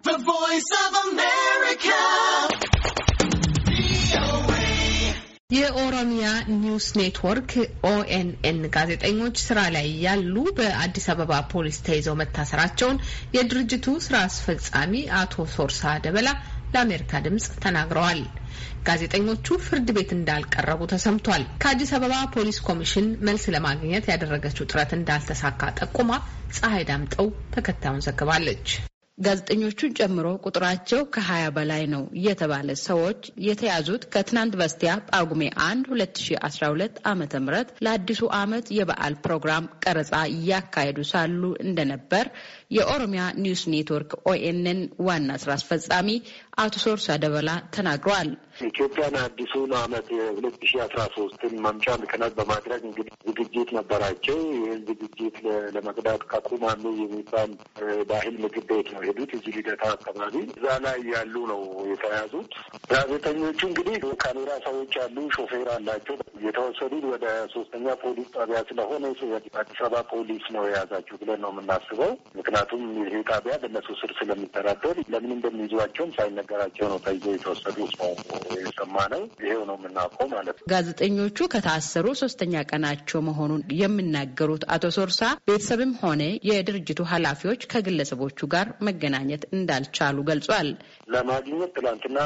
The Voice of America. የኦሮሚያ ኒውስ ኔትወርክ ኦኤንኤን ጋዜጠኞች ስራ ላይ ያሉ በአዲስ አበባ ፖሊስ ተይዘው መታሰራቸውን የድርጅቱ ስራ አስፈጻሚ አቶ ሶርሳ ደበላ ለአሜሪካ ድምጽ ተናግረዋል። ጋዜጠኞቹ ፍርድ ቤት እንዳልቀረቡ ተሰምቷል። ከአዲስ አበባ ፖሊስ ኮሚሽን መልስ ለማግኘት ያደረገችው ጥረት እንዳልተሳካ ጠቁማ ፀሐይ ዳምጠው ተከታዩን ዘግባለች። ጋዜጠኞቹን ጨምሮ ቁጥራቸው ከሀያ በላይ ነው የተባለ ሰዎች የተያዙት ከትናንት በስቲያ ጳጉሜ አንድ ሁለት ሺ አስራ ሁለት አመተ ምህረት ለአዲሱ አመት የበዓል ፕሮግራም ቀረጻ እያካሄዱ ሳሉ እንደነበር የኦሮሚያ ኒውስ ኔትወርክ ኦኤንን ዋና ስራ አስፈጻሚ አቶ ሶርሳ ደበላ ተናግረዋል። ኢትዮጵያን አዲሱን አመት ሁለት ሺ አስራ ሶስትን መምጫ ምክንያት በማድረግ እንግዲህ ዝግጅት ነበራቸው። ይህን ዝግጅት ለመቅዳት ከኩማኑ የሚባል ባህል ምግብ ቤት ነው ሄዱት። እዚህ ልደታ አካባቢ እዛ ላይ ያሉ ነው የተያዙት። ጋዜጠኞቹ እንግዲህ ካሜራ ሰዎች አሉ፣ ሾፌር አላቸው። የተወሰዱት ወደ ሶስተኛ ፖሊስ ጣቢያ ስለሆነ አዲስ አበባ ፖሊስ ነው የያዛቸው ብለን ነው የምናስበው። ምክንያቱም ይሄ ጣቢያ በእነሱ ስር ስለሚተዳደር ለምን እንደሚይዟቸውም ሳይነገራቸው ነው ተይዞ የተወሰዱ ነው። እየሰማ ነው። ይሄው ነው የምናውቀው ማለት ነው። ጋዜጠኞቹ ከታሰሩ ሶስተኛ ቀናቸው መሆኑን የሚናገሩት አቶ ሶርሳ ቤተሰብም ሆነ የድርጅቱ ኃላፊዎች ከግለሰቦቹ ጋር መገናኘት እንዳልቻሉ ገልጿል። ለማግኘት ትላንትና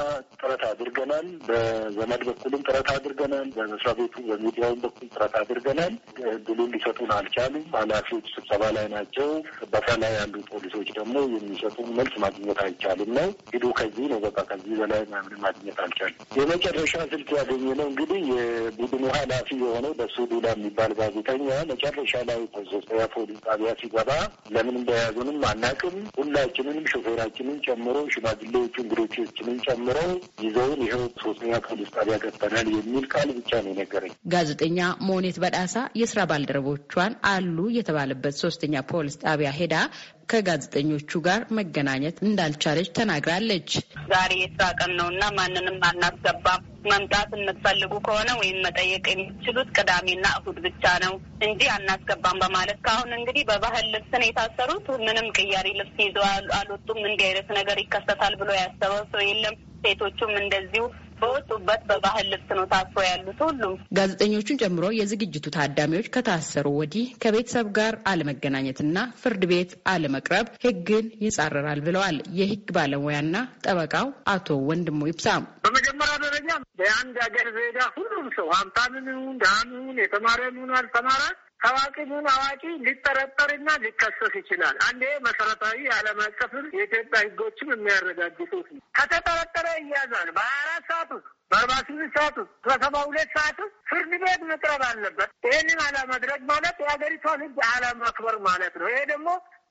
ጥረት አድርገናል። በዘመድ በኩልም ጥረት አድርገናል። በመስሪያ ቤቱ በሚዲያውም በኩል ጥረት አድርገናል። እድሉን ሊሰጡን አልቻሉም። ኃላፊዎች ስብሰባ ላይ ናቸው። ጥበቃ ላይ ያሉ ፖሊሶች ደግሞ የሚሰጡ መልስ ማግኘት አይቻልም ነው ሂዱ ከዚህ ነው በቃ ከዚህ በላይ ምናምን ማግኘት አልቻልም። የመጨረሻ ስልክ ያገኘነው እንግዲህ የቡድኑ ኃላፊ የሆነው በሱ ዱላ የሚባል ጋዜጠኛ መጨረሻ ላይ ሶስተኛ ፖሊስ ጣቢያ ሲገባ ለምን እንደያዙንም አናቅም። ሁላችንንም ሾፌራችንን ጨምሮ ሽማግሌዎቹ እንግዶቻችንን ጨምሮ ይዘውን ይኸው ሶስተኛ ፖሊስ ጣቢያ ገብተናል የሚል ቃል ብቻ ነው የነገረኝ። ጋዜጠኛ ሞኔት በዳሳ የስራ ባልደረቦቿን አሉ የተባለበት ሶስተኛ ፖሊስ ጣቢያ ሄዳ ከጋዜጠኞቹ ጋር መገናኘት እንዳልቻለች ተናግራለች። ዛሬ የስራ ቀን ነው እና ማንንም አናስገባም። መምጣት የምትፈልጉ ከሆነ ወይም መጠየቅ የሚችሉት ቅዳሜና እሁድ ብቻ ነው እንጂ አናስገባም በማለት ከአሁን እንግዲህ በባህል ልብስ ነው የታሰሩት። ምንም ቅያሪ ልብስ ይዘው አልወጡም። እንዲህ አይነት ነገር ይከሰታል ብሎ ያሰበው ሰው የለም። ሴቶቹም እንደዚሁ በወጡበት በባህል ልብስ ነው ታስሮ ያሉት ሁሉም። ጋዜጠኞቹን ጨምሮ የዝግጅቱ ታዳሚዎች ከታሰሩ ወዲህ ከቤተሰብ ጋር አለመገናኘትና ፍርድ ቤት አለመቅረብ ህግን ይጻረራል ብለዋል የህግ ባለሙያና ጠበቃው አቶ ወንድሙ ይብሳም። በመጀመሪያ ደረጃ የአንድ ሀገር ዜጋ ሁሉም ሰው ሀብታምም ይሁን ድሃም ይሁን የተማረም ይሁን አልተማረ ታዋቂውን አዋቂ ሊጠረጠርና ሊከሰስ ይችላል። አንዴ መሰረታዊ የዓለም አቀፍም የኢትዮጵያ ህጎችም የሚያረጋግጡት ነው። ከተጠረጠረ ይያዛል። በሀያ በሰዓቱ ከሰባ ሁለት ሰዓቱ ፍርድ ቤት መቅረብ አለበት። ይህንን አላማድረግ ማለት የሀገሪቷን ህግ አለማክበር ማለት ነው። ይሄ ደግሞ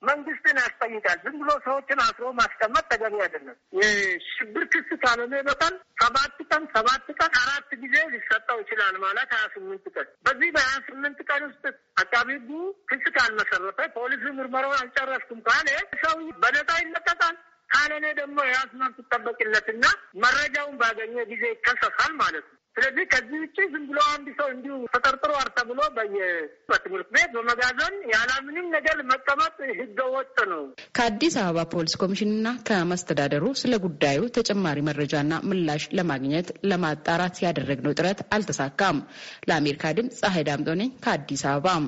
መንግስትን ያስጠይቃል። ዝም ብሎ ሰዎችን አስሮ ማስቀመጥ ተገቢ አይደለም። የሽብር ክስ ካልሆነ በቀር ሰባት ቀን ሰባት ቀን አራት ጊዜ ሊሰጠው ይችላል ማለት ሀያ ስምንት ቀን በዚህ በሀያ ስምንት ቀን ውስጥ አቃቢ ህጉ ክስ ካልመሰረተ ፖሊስ ምርመራውን አልጨረስኩም ካለ ሰው በነፃ ይለቀቃል። ካልሆነ ደግሞ የራሱን መብት ይጠበቅለትና መረጃውን ባገኘ ጊዜ ይከሰሳል ማለት ነው። ስለዚህ ከዚህ ውጭ ዝም ብሎ አንድ ሰው እንዲሁ ተጠርጥሮ አርተ ብሎ በየትምህርት ቤት በመጋዘን ያለ ምንም ነገር መቀመጥ ወጥ ነው። ከአዲስ አበባ ፖሊስ ኮሚሽንና ከመስተዳደሩ ስለ ጉዳዩ ተጨማሪ መረጃና ምላሽ ለማግኘት ለማጣራት ያደረግነው ጥረት አልተሳካም። ለአሜሪካ ድምፅ ፀሐይ ዳምጦ ነኝ ከአዲስ አበባ።